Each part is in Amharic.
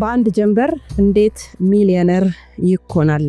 በአንድ ጀንበር እንዴት ሚሊዮነር ይኮናል?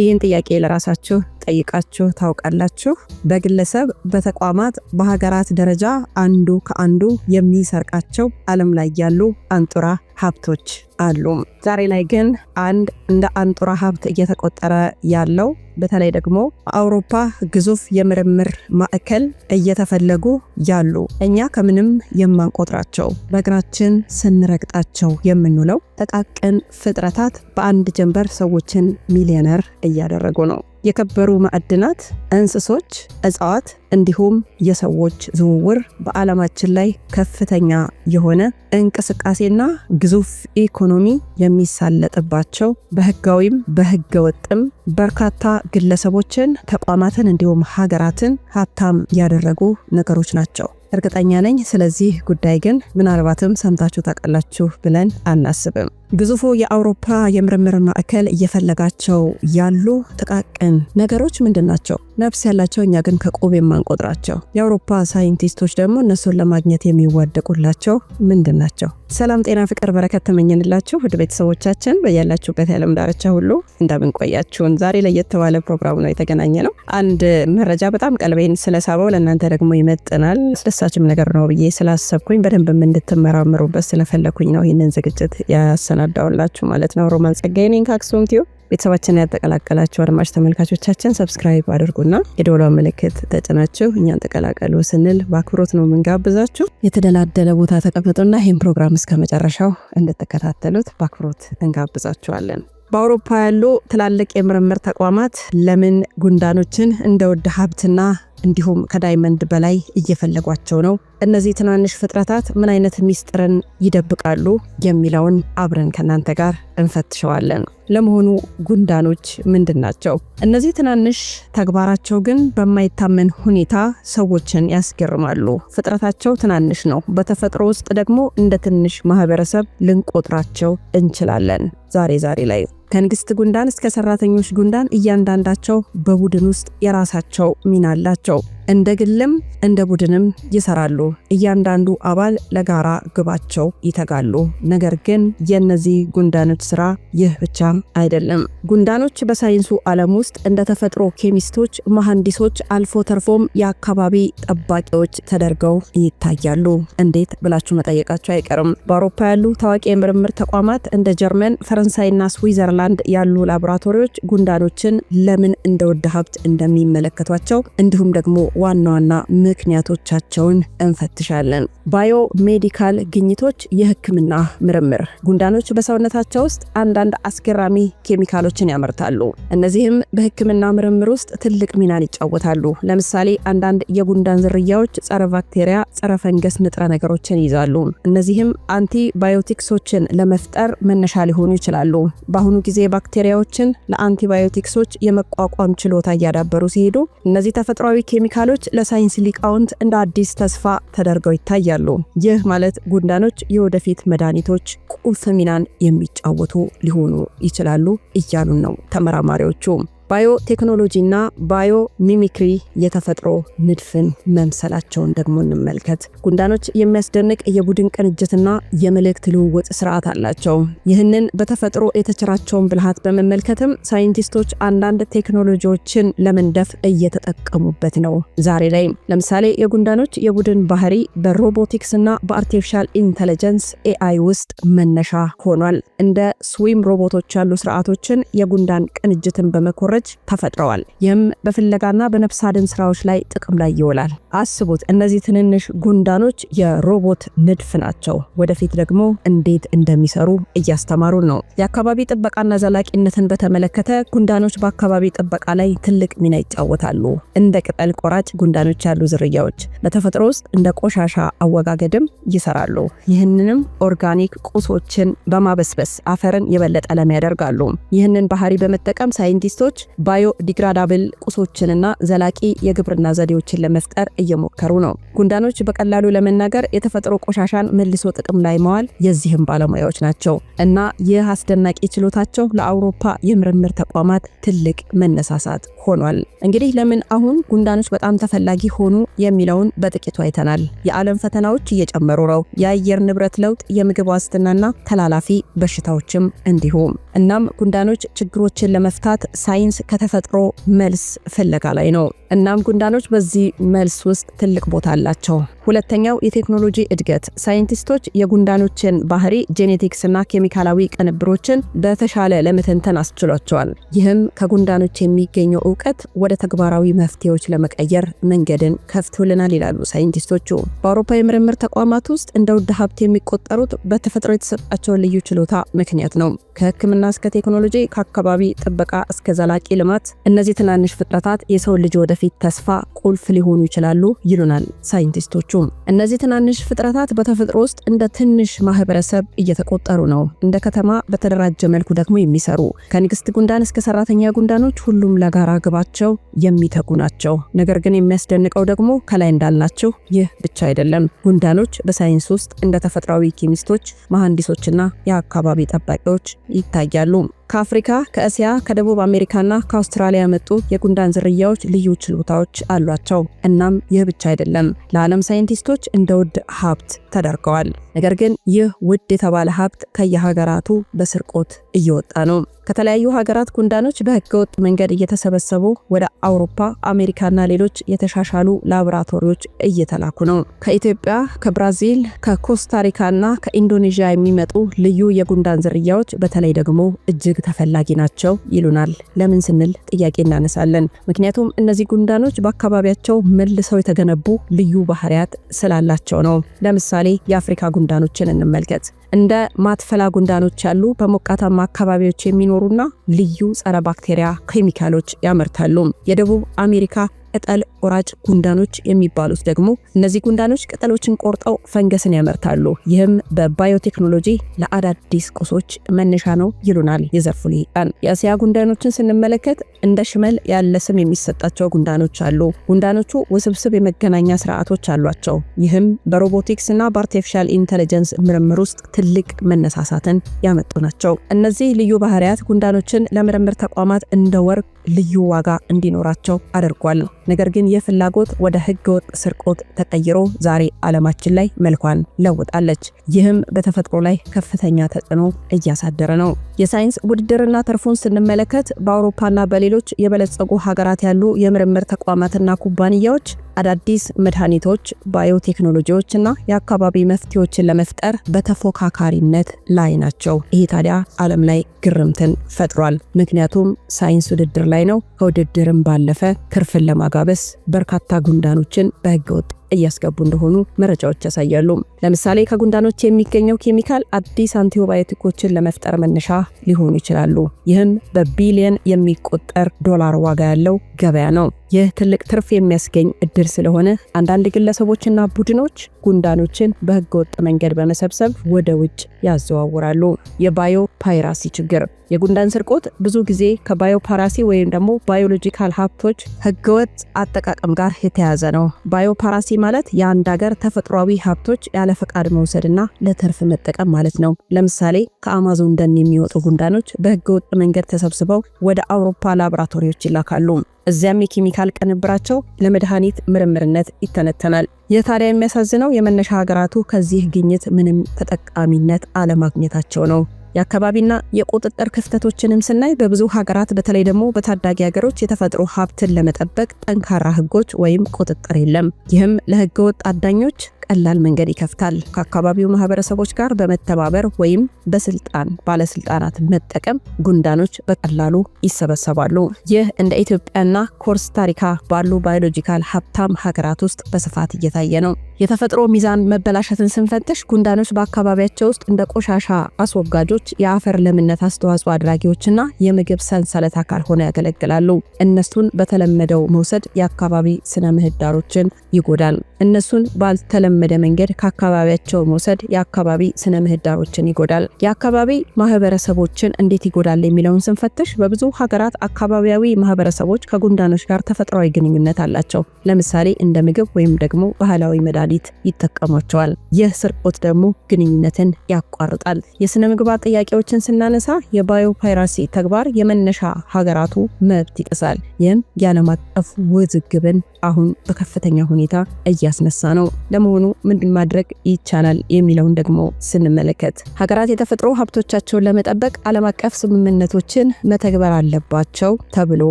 ይህን ጥያቄ ለራሳችሁ ጠይቃችሁ ታውቃላችሁ? በግለሰብ በተቋማት፣ በሀገራት ደረጃ አንዱ ከአንዱ የሚሰርቃቸው ዓለም ላይ ያሉ አንጡራ ሀብቶች አሉ። ዛሬ ላይ ግን አንድ እንደ አንጡራ ሀብት እየተቆጠረ ያለው በተለይ ደግሞ አውሮፓ ግዙፍ የምርምር ማዕከል እየተፈለጉ ያሉ እኛ ከምንም የማንቆጥራቸው በእግራችን ስንረግጣቸው የምንውለው ጥቃቅን ፍጥረታት በአንድ ጀንበር ሰዎችን ሚሊዮነር እያደረጉ ነው። የከበሩ ማዕድናት፣ እንስሶች፣ እጽዋት እንዲሁም የሰዎች ዝውውር በዓለማችን ላይ ከፍተኛ የሆነ እንቅስቃሴና ግዙፍ ኢኮኖሚ የሚሳለጥባቸው በህጋዊም በህገ ወጥም በርካታ ግለሰቦችን፣ ተቋማትን እንዲሁም ሀገራትን ሀብታም ያደረጉ ነገሮች ናቸው። እርግጠኛ ነኝ። ስለዚህ ጉዳይ ግን ምናልባትም ሰምታችሁ ታውቃላችሁ ብለን አናስብም። ግዙፉ የአውሮፓ የምርምር ማዕከል እየፈለጋቸው ያሉ ጥቃቅን ነገሮች ምንድን ናቸው? ነፍስ ያላቸው እኛ ግን ከቁብ የማንቆጥራቸው። የአውሮፓ ሳይንቲስቶች ደግሞ እነሱን ለማግኘት የሚዋደቁላቸው ምንድን ናቸው? ሰላም፣ ጤና፣ ፍቅር፣ በረከት ተመኝንላችሁ ውድ ቤተሰቦቻችን በያላችሁበት የዓለም ዳርቻ ሁሉ እንደምንቆያችሁን። ዛሬ ለየት ባለ ፕሮግራም ነው የተገናኘ ነው። አንድ መረጃ በጣም ቀልቤን ስለሳበው ለእናንተ ደግሞ ይመጥናል፣ አስደሳችም ነገር ነው ብዬ ስላሰብኩኝ በደንብም እንድትመራምሩበት ስለፈለኩኝ ነው ይህንን ዝግጅት ያሰናዳውላችሁ ማለት ነው። ሮማን ጸጋዬ ነኝ ከአክሱም ቲዩብ ቤተሰባችን ያጠቀላቀላችሁ አድማጭ ተመልካቾቻችን ሰብስክራይብ አድርጉና የደወሏ ምልክት ተጭናችሁ እኛን ተቀላቀሉ ስንል በአክብሮት ነው የምንጋብዛችሁ። የተደላደለ ቦታ ተቀምጡና ይህም ፕሮግራም እስከ መጨረሻው እንድትከታተሉት በአክብሮት እንጋብዛችኋለን። በአውሮፓ ያሉ ትላልቅ የምርምር ተቋማት ለምን ጉንዳኖችን እንደ ውድ ሀብትና እንዲሁም ከዳይመንድ በላይ እየፈለጓቸው ነው። እነዚህ ትናንሽ ፍጥረታት ምን አይነት ሚስጥርን ይደብቃሉ የሚለውን አብረን ከእናንተ ጋር እንፈትሸዋለን። ለመሆኑ ጉንዳኖች ምንድን ናቸው? እነዚህ ትናንሽ ተግባራቸው ግን በማይታመን ሁኔታ ሰዎችን ያስገርማሉ። ፍጥረታቸው ትናንሽ ነው። በተፈጥሮ ውስጥ ደግሞ እንደ ትንሽ ማህበረሰብ ልንቆጥራቸው እንችላለን ዛሬ ዛሬ ላይ ከንግስት ጉንዳን እስከ ሰራተኞች ጉንዳን እያንዳንዳቸው በቡድን ውስጥ የራሳቸው ሚና አላቸው። እንደ ግልም እንደ ቡድንም ይሰራሉ። እያንዳንዱ አባል ለጋራ ግባቸው ይተጋሉ። ነገር ግን የእነዚህ ጉንዳኖች ስራ ይህ ብቻ አይደለም። ጉንዳኖች በሳይንሱ ዓለም ውስጥ እንደ ተፈጥሮ ኬሚስቶች፣ መሐንዲሶች፣ አልፎ ተርፎም የአካባቢ ጠባቂዎች ተደርገው ይታያሉ። እንዴት ብላችሁ መጠየቃቸው አይቀርም። በአውሮፓ ያሉ ታዋቂ የምርምር ተቋማት እንደ ጀርመን፣ ፈረንሳይና ስዊዘርላንድ ያሉ ላቦራቶሪዎች ጉንዳኖችን ለምን እንደ ወደ ሀብት እንደሚመለከቷቸው እንዲሁም ደግሞ ዋና ዋና ምክንያቶቻቸውን እንፈትሻለን። ባዮ ሜዲካል ግኝቶች የህክምና ምርምር። ጉንዳኖች በሰውነታቸው ውስጥ አንዳንድ አስገራሚ ኬሚካሎችን ያመርታሉ። እነዚህም በህክምና ምርምር ውስጥ ትልቅ ሚናን ይጫወታሉ። ለምሳሌ አንዳንድ የጉንዳን ዝርያዎች ጸረ ባክቴሪያ፣ ጸረ ፈንገስ ንጥረ ነገሮችን ይይዛሉ። እነዚህም አንቲባዮቲክሶችን ለመፍጠር መነሻ ሊሆኑ ይችላሉ። በአሁኑ ጊዜ ባክቴሪያዎችን ለአንቲባዮቲክሶች የመቋቋም ችሎታ እያዳበሩ ሲሄዱ እነዚህ ተፈጥሯዊ ኬሚካሎች ጉንዳኖች ለሳይንስ ሊቃውንት እንደ አዲስ ተስፋ ተደርገው ይታያሉ። ይህ ማለት ጉንዳኖች የወደፊት መድኃኒቶች ቁልፍ ሚናን የሚጫወቱ ሊሆኑ ይችላሉ እያሉን ነው ተመራማሪዎቹ። ባዮ ቴክኖሎጂና ባዮ ሚሚክሪ የተፈጥሮ ንድፍን መምሰላቸውን ደግሞ እንመልከት። ጉንዳኖች የሚያስደንቅ የቡድን ቅንጅትና የመልእክት ልውውጥ ስርዓት አላቸው። ይህንን በተፈጥሮ የተቸራቸውን ብልሃት በመመልከትም ሳይንቲስቶች አንዳንድ ቴክኖሎጂዎችን ለመንደፍ እየተጠቀሙበት ነው ዛሬ ላይ። ለምሳሌ የጉንዳኖች የቡድን ባህሪ በሮቦቲክስ እና በአርቲፊሻል ኢንተለጀንስ ኤአይ ውስጥ መነሻ ሆኗል። እንደ ስዊም ሮቦቶች ያሉ ስርዓቶችን የጉንዳን ቅንጅትን በመኮረ መረቦች ተፈጥረዋል። ይህም በፍለጋና በነፍስ አድን ስራዎች ላይ ጥቅም ላይ ይውላል። አስቡት፣ እነዚህ ትንንሽ ጉንዳኖች የሮቦት ንድፍ ናቸው። ወደፊት ደግሞ እንዴት እንደሚሰሩ እያስተማሩ ነው። የአካባቢ ጥበቃና ዘላቂነትን በተመለከተ ጉንዳኖች በአካባቢ ጥበቃ ላይ ትልቅ ሚና ይጫወታሉ። እንደ ቅጠል ቆራጭ ጉንዳኖች ያሉ ዝርያዎች በተፈጥሮ ውስጥ እንደ ቆሻሻ አወጋገድም ይሰራሉ። ይህንንም ኦርጋኒክ ቁሶችን በማበስበስ አፈርን የበለጠ ለም ያደርጋሉ። ይህንን ባህሪ በመጠቀም ሳይንቲስቶች ባዮዲግራዳብል ቁሶችንና ዘላቂ የግብርና ዘዴዎችን ለመፍጠር እየሞከሩ ነው። ጉንዳኖች በቀላሉ ለመናገር የተፈጥሮ ቆሻሻን መልሶ ጥቅም ላይ መዋል የዚህም ባለሙያዎች ናቸው እና ይህ አስደናቂ ችሎታቸው ለአውሮፓ የምርምር ተቋማት ትልቅ መነሳሳት ሆኗል። እንግዲህ ለምን አሁን ጉንዳኖች በጣም ተፈላጊ ሆኑ የሚለውን በጥቂቱ አይተናል። የዓለም ፈተናዎች እየጨመሩ ነው። የአየር ንብረት ለውጥ፣ የምግብ ዋስትናና ተላላፊ በሽታዎችም እንዲሁም። እናም ጉንዳኖች ችግሮችን ለመፍታት ሳይንስ ሳይንስ ከተፈጥሮ መልስ ፍለጋ ላይ ነው። እናም ጉንዳኖች በዚህ መልስ ውስጥ ትልቅ ቦታ አላቸው። ሁለተኛው የቴክኖሎጂ እድገት ሳይንቲስቶች የጉንዳኖችን ባህሪ ጄኔቲክስና ኬሚካላዊ ቅንብሮችን በተሻለ ለመተንተን አስችሏቸዋል። ይህም ከጉንዳኖች የሚገኘው እውቀት ወደ ተግባራዊ መፍትሄዎች ለመቀየር መንገድን ከፍቶልናል ይላሉ ሳይንቲስቶቹ። በአውሮፓ የምርምር ተቋማት ውስጥ እንደ ውድ ሀብት የሚቆጠሩት በተፈጥሮ የተሰጣቸውን ልዩ ችሎታ ምክንያት ነው። ከህክምና እስከ ቴክኖሎጂ፣ ከአካባቢ ጥበቃ እስከ ዘላቂ ልማት፣ እነዚህ ትናንሽ ፍጥረታት የሰው ልጅ ወደፊት ተስፋ ቁልፍ ሊሆኑ ይችላሉ ይሉናል ሳይንቲስቶቹ። አይደለችም። እነዚህ ትናንሽ ፍጥረታት በተፈጥሮ ውስጥ እንደ ትንሽ ማህበረሰብ እየተቆጠሩ ነው። እንደ ከተማ በተደራጀ መልኩ ደግሞ የሚሰሩ ከንግስት ጉንዳን እስከ ሰራተኛ ጉንዳኖች ሁሉም ለጋራ ግባቸው የሚተጉ ናቸው። ነገር ግን የሚያስደንቀው ደግሞ ከላይ እንዳልናቸው ይህ ብቻ አይደለም። ጉንዳኖች በሳይንስ ውስጥ እንደ ተፈጥሯዊ ኬሚስቶች፣ መሐንዲሶችና የአካባቢ ጠባቂዎች ይታያሉ። ከአፍሪካ፣ ከእስያ፣ ከደቡብ አሜሪካና ከአውስትራሊያ የመጡ የጉንዳን ዝርያዎች ልዩ ችሎታዎች አሏቸው። እናም ይህ ብቻ አይደለም፤ ለዓለም ሳይንቲስቶች እንደ ውድ ሀብት ተደርገዋል። ነገር ግን ይህ ውድ የተባለ ሀብት ከየሀገራቱ በስርቆት እየወጣ ነው። ከተለያዩ ሀገራት ጉንዳኖች በህገወጥ መንገድ እየተሰበሰቡ ወደ አውሮፓ፣ አሜሪካና ሌሎች የተሻሻሉ ላቦራቶሪዎች እየተላኩ ነው። ከኢትዮጵያ፣ ከብራዚል፣ ከኮስታሪካና ከኢንዶኔዥያ የሚመጡ ልዩ የጉንዳን ዝርያዎች በተለይ ደግሞ እጅግ ተፈላጊ ናቸው ይሉናል። ለምን ስንል ጥያቄ እናነሳለን። ምክንያቱም እነዚህ ጉንዳኖች በአካባቢያቸው መልሰው የተገነቡ ልዩ ባህሪያት ስላላቸው ነው። ለምሳሌ የአፍሪካ ጉንዳኖችን እንመልከት። እንደ ማትፈላ ጉንዳኖች ያሉ በሞቃታማ አካባቢዎች የሚኖሩና ልዩ ጸረ ባክቴሪያ ኬሚካሎች ያመርታሉ። የደቡብ አሜሪካ ቅጠል ቆራጭ ጉንዳኖች የሚባሉት ደግሞ እነዚህ ጉንዳኖች ቅጠሎችን ቆርጠው ፈንገስን ያመርታሉ። ይህም በባዮቴክኖሎጂ ለአዳዲስ ቁሶች መነሻ ነው ይሉናል የዘርፉ ሊቃን። የእስያ ጉንዳኖችን ስንመለከት እንደ ሽመል ያለ ስም የሚሰጣቸው ጉንዳኖች አሉ። ጉንዳኖቹ ውስብስብ የመገናኛ ስርዓቶች አሏቸው። ይህም በሮቦቲክስ እና በአርቲፊሻል ኢንተለጀንስ ምርምር ውስጥ ትልቅ መነሳሳትን ያመጡ ናቸው። እነዚህ ልዩ ባህሪያት ጉንዳኖችን ለምርምር ተቋማት እንደ ወርቅ ልዩ ዋጋ እንዲኖራቸው አድርጓል። ነገር ግን ይህ ፍላጎት ወደ ህገወጥ ስርቆት ተቀይሮ ዛሬ ዓለማችን ላይ መልኳን ለውጣለች። ይህም በተፈጥሮ ላይ ከፍተኛ ተጽዕኖ እያሳደረ ነው። የሳይንስ ውድድርና ትርፉን ስንመለከት በአውሮፓና በሌሎች የበለጸጉ ሀገራት ያሉ የምርምር ተቋማትና ኩባንያዎች አዳዲስ መድኃኒቶች፣ ባዮቴክኖሎጂዎች እና የአካባቢ መፍትሄዎችን ለመፍጠር በተፎካካሪነት ላይ ናቸው። ይህ ታዲያ ዓለም ላይ ግርምትን ፈጥሯል። ምክንያቱም ሳይንስ ውድድር ላይ ነው። ከውድድርም ባለፈ ትርፍን ለማጋበስ በርካታ ጉንዳኖችን በህገወጥ እያስገቡ እንደሆኑ መረጃዎች ያሳያሉ። ለምሳሌ ከጉንዳኖች የሚገኘው ኬሚካል አዲስ አንቲባዮቲኮችን ለመፍጠር መነሻ ሊሆኑ ይችላሉ። ይህም በቢሊየን የሚቆጠር ዶላር ዋጋ ያለው ገበያ ነው። ይህ ትልቅ ትርፍ የሚያስገኝ እድል ስለሆነ አንዳንድ ግለሰቦችና ቡድኖች ጉንዳኖችን በህገወጥ መንገድ በመሰብሰብ ወደ ውጭ ያዘዋውራሉ። የባዮ ፓይራሲ ችግር የጉንዳን ስርቆት ብዙ ጊዜ ከባዮ ፓራሲ ወይም ደግሞ ባዮሎጂካል ሀብቶች ህገወጥ አጠቃቀም ጋር የተያዘ ነው። ባዮ ፓራሲ ማለት የአንድ ሀገር ተፈጥሯዊ ሀብቶች ያለ ፈቃድ መውሰድና ለተርፍ መጠቀም ማለት ነው። ለምሳሌ ከአማዞን ደን የሚወጡ ጉንዳኖች በህገወጥ መንገድ ተሰብስበው ወደ አውሮፓ ላቦራቶሪዎች ይላካሉ። እዚያም የኬሚካል ቅንብራቸው ለመድኃኒት ምርምርነት ይተነተናል። የታዲያ የሚያሳዝነው የመነሻ ሀገራቱ ከዚህ ግኝት ምንም ተጠቃሚነት አለማግኘታቸው ነው። የአካባቢና የቁጥጥር ክፍተቶችንም ስናይ በብዙ ሀገራት በተለይ ደግሞ በታዳጊ ሀገሮች የተፈጥሮ ሀብትን ለመጠበቅ ጠንካራ ህጎች ወይም ቁጥጥር የለም። ይህም ለህገወጥ አዳኞች በቀላል መንገድ ይከፍታል። ከአካባቢው ማህበረሰቦች ጋር በመተባበር ወይም በስልጣን ባለስልጣናት መጠቀም ጉንዳኖች በቀላሉ ይሰበሰባሉ። ይህ እንደ ኢትዮጵያና ኮስታሪካ ባሉ ባዮሎጂካል ሀብታም ሀገራት ውስጥ በስፋት እየታየ ነው። የተፈጥሮ ሚዛን መበላሸትን ስንፈትሽ ጉንዳኖች በአካባቢያቸው ውስጥ እንደ ቆሻሻ አስወጋጆች፣ የአፈር ለምነት አስተዋጽኦ አድራጊዎችና የምግብ ሰንሰለት አካል ሆነው ያገለግላሉ። እነሱን በተለመደው መውሰድ የአካባቢ ስነ ምህዳሮችን ይጎዳል። እነሱን ባልተለመ በተለመደ መንገድ ከአካባቢያቸው መውሰድ የአካባቢ ስነ ምህዳሮችን ይጎዳል። የአካባቢ ማህበረሰቦችን እንዴት ይጎዳል የሚለውን ስንፈትሽ በብዙ ሀገራት አካባቢያዊ ማህበረሰቦች ከጉንዳኖች ጋር ተፈጥሯዊ ግንኙነት አላቸው። ለምሳሌ እንደ ምግብ ወይም ደግሞ ባህላዊ መድኃኒት ይጠቀሟቸዋል። ይህ ስርቆት ደግሞ ግንኙነትን ያቋርጣል። የስነ ምግባር ጥያቄዎችን ስናነሳ የባዮ ፓይራሲ ተግባር የመነሻ ሀገራቱ መብት ይጥሳል። ይህም የዓለም አቀፍ ውዝግብን አሁን በከፍተኛ ሁኔታ እያስነሳ ነው። ለመሆኑ ምንድን ማድረግ ይቻላል የሚለውን ደግሞ ስንመለከት ሀገራት የተፈጥሮ ሀብቶቻቸውን ለመጠበቅ ዓለም አቀፍ ስምምነቶችን መተግበር አለባቸው ተብሎ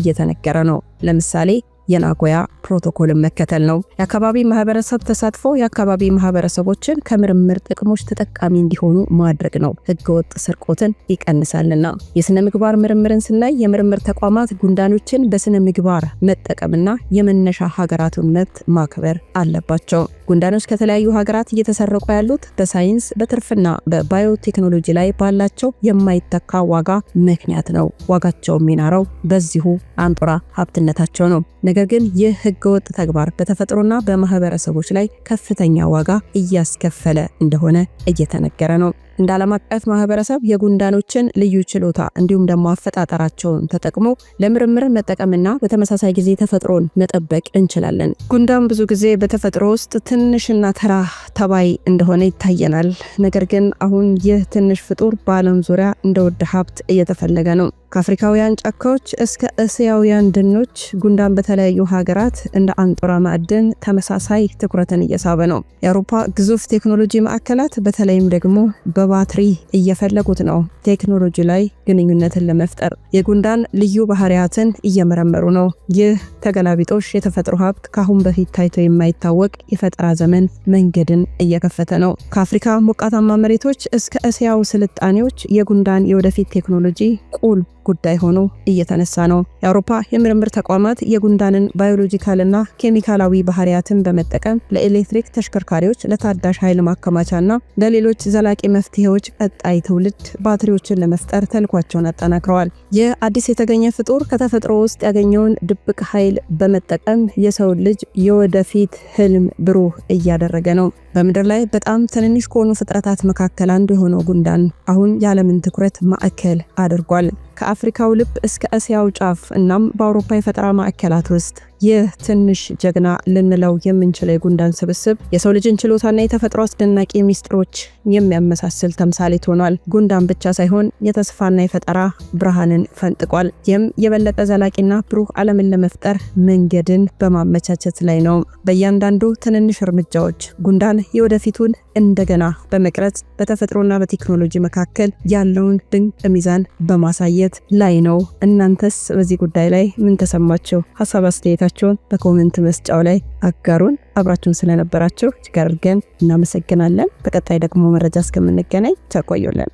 እየተነገረ ነው። ለምሳሌ የናጎያ ፕሮቶኮልን መከተል ነው። የአካባቢ ማህበረሰብ ተሳትፎ የአካባቢ ማህበረሰቦችን ከምርምር ጥቅሞች ተጠቃሚ እንዲሆኑ ማድረግ ነው። ህገወጥ ስርቆትን ይቀንሳልና። የስነ ምግባር ምርምርን ስናይ የምርምር ተቋማት ጉንዳኖችን በስነ ምግባር መጠቀምና የመነሻ ሀገራቱን መብት ማክበር አለባቸው። ጉንዳኖች ከተለያዩ ሀገራት እየተሰረቁ ያሉት በሳይንስ በትርፍና በባዮቴክኖሎጂ ላይ ባላቸው የማይተካ ዋጋ ምክንያት ነው። ዋጋቸው የሚናረው በዚሁ አንጡራ ሀብትነታቸው ነው። ነገር ግን ይህ ህገወጥ ተግባር በተፈጥሮና በማህበረሰቦች ላይ ከፍተኛ ዋጋ እያስከፈለ እንደሆነ እየተነገረ ነው። እንደ ዓለም አቀፍ ማህበረሰብ የጉንዳኖችን ልዩ ችሎታ እንዲሁም ደግሞ አፈጣጠራቸውን ተጠቅሞ ለምርምር መጠቀምና በተመሳሳይ ጊዜ ተፈጥሮን መጠበቅ እንችላለን። ጉንዳን ብዙ ጊዜ በተፈጥሮ ውስጥ ትንሽና ተራ ተባይ እንደሆነ ይታየናል። ነገር ግን አሁን ይህ ትንሽ ፍጡር በዓለም ዙሪያ እንደ ውድ ሀብት እየተፈለገ ነው። ከአፍሪካውያን ጫካዎች እስከ እስያውያን ደኖች ጉንዳን በተለያዩ ሀገራት እንደ አንጡራ ማዕድን ተመሳሳይ ትኩረትን እየሳበ ነው። የአውሮፓ ግዙፍ ቴክኖሎጂ ማዕከላት በተለይም ደግሞ በባትሪ እየፈለጉት ነው። ቴክኖሎጂ ላይ ግንኙነትን ለመፍጠር የጉንዳን ልዩ ባህሪያትን እየመረመሩ ነው። ይህ ተገላቢጦሽ የተፈጥሮ ሀብት ካሁን በፊት ታይቶ የማይታወቅ የፈጠራ ዘመን መንገድን እየከፈተ ነው። ከአፍሪካ ሞቃታማ መሬቶች እስከ እስያው ስልጣኔዎች የጉንዳን የወደፊት ቴክኖሎጂ ቁል ጉዳይ ሆኖ እየተነሳ ነው። የአውሮፓ የምርምር ተቋማት የጉንዳንን ባዮሎጂካልና ኬሚካላዊ ባህሪያትን በመጠቀም ለኤሌክትሪክ ተሽከርካሪዎች፣ ለታዳሽ ኃይል ማከማቻና ለሌሎች ዘላቂ መፍትሄዎች ቀጣይ ትውልድ ባትሪዎችን ለመፍጠር ተልኳቸውን አጠናክረዋል። ይህ አዲስ የተገኘ ፍጡር ከተፈጥሮ ውስጥ ያገኘውን ድብቅ ኃይል በመጠቀም የሰውን ልጅ የወደፊት ህልም ብሩህ እያደረገ ነው። በምድር ላይ በጣም ትንንሽ ከሆኑ ፍጥረታት መካከል አንዱ የሆነው ጉንዳን አሁን የዓለምን ትኩረት ማዕከል አድርጓል። ከአፍሪካው ልብ እስከ እስያው ጫፍ እናም በአውሮፓ የፈጠራ ማዕከላት ውስጥ ይህ ትንሽ ጀግና ልንለው የምንችለው የጉንዳን ስብስብ የሰው ልጅን ችሎታና የተፈጥሮ አስደናቂ ሚስጥሮች የሚያመሳስል ተምሳሌት ሆኗል። ጉንዳን ብቻ ሳይሆን የተስፋና የፈጠራ ብርሃንን ፈንጥቋል። ይህም የበለጠ ዘላቂና ብሩህ ዓለምን ለመፍጠር መንገድን በማመቻቸት ላይ ነው። በእያንዳንዱ ትንንሽ እርምጃዎች ጉንዳን የወደፊቱን እንደገና በመቅረጽ በተፈጥሮና በቴክኖሎጂ መካከል ያለውን ድንቅ ሚዛን በማሳየት ላይ ነው። እናንተስ በዚህ ጉዳይ ላይ ምን ተሰማችሁ? ሀሳብ አስተያየታ አስተያየታችሁን በኮመንት መስጫው ላይ አጋሩን። አብራችሁን ስለነበራችሁ እጅግ አድርገን እናመሰግናለን። በቀጣይ ደግሞ መረጃ እስከምንገናኝ ተቆዩልን።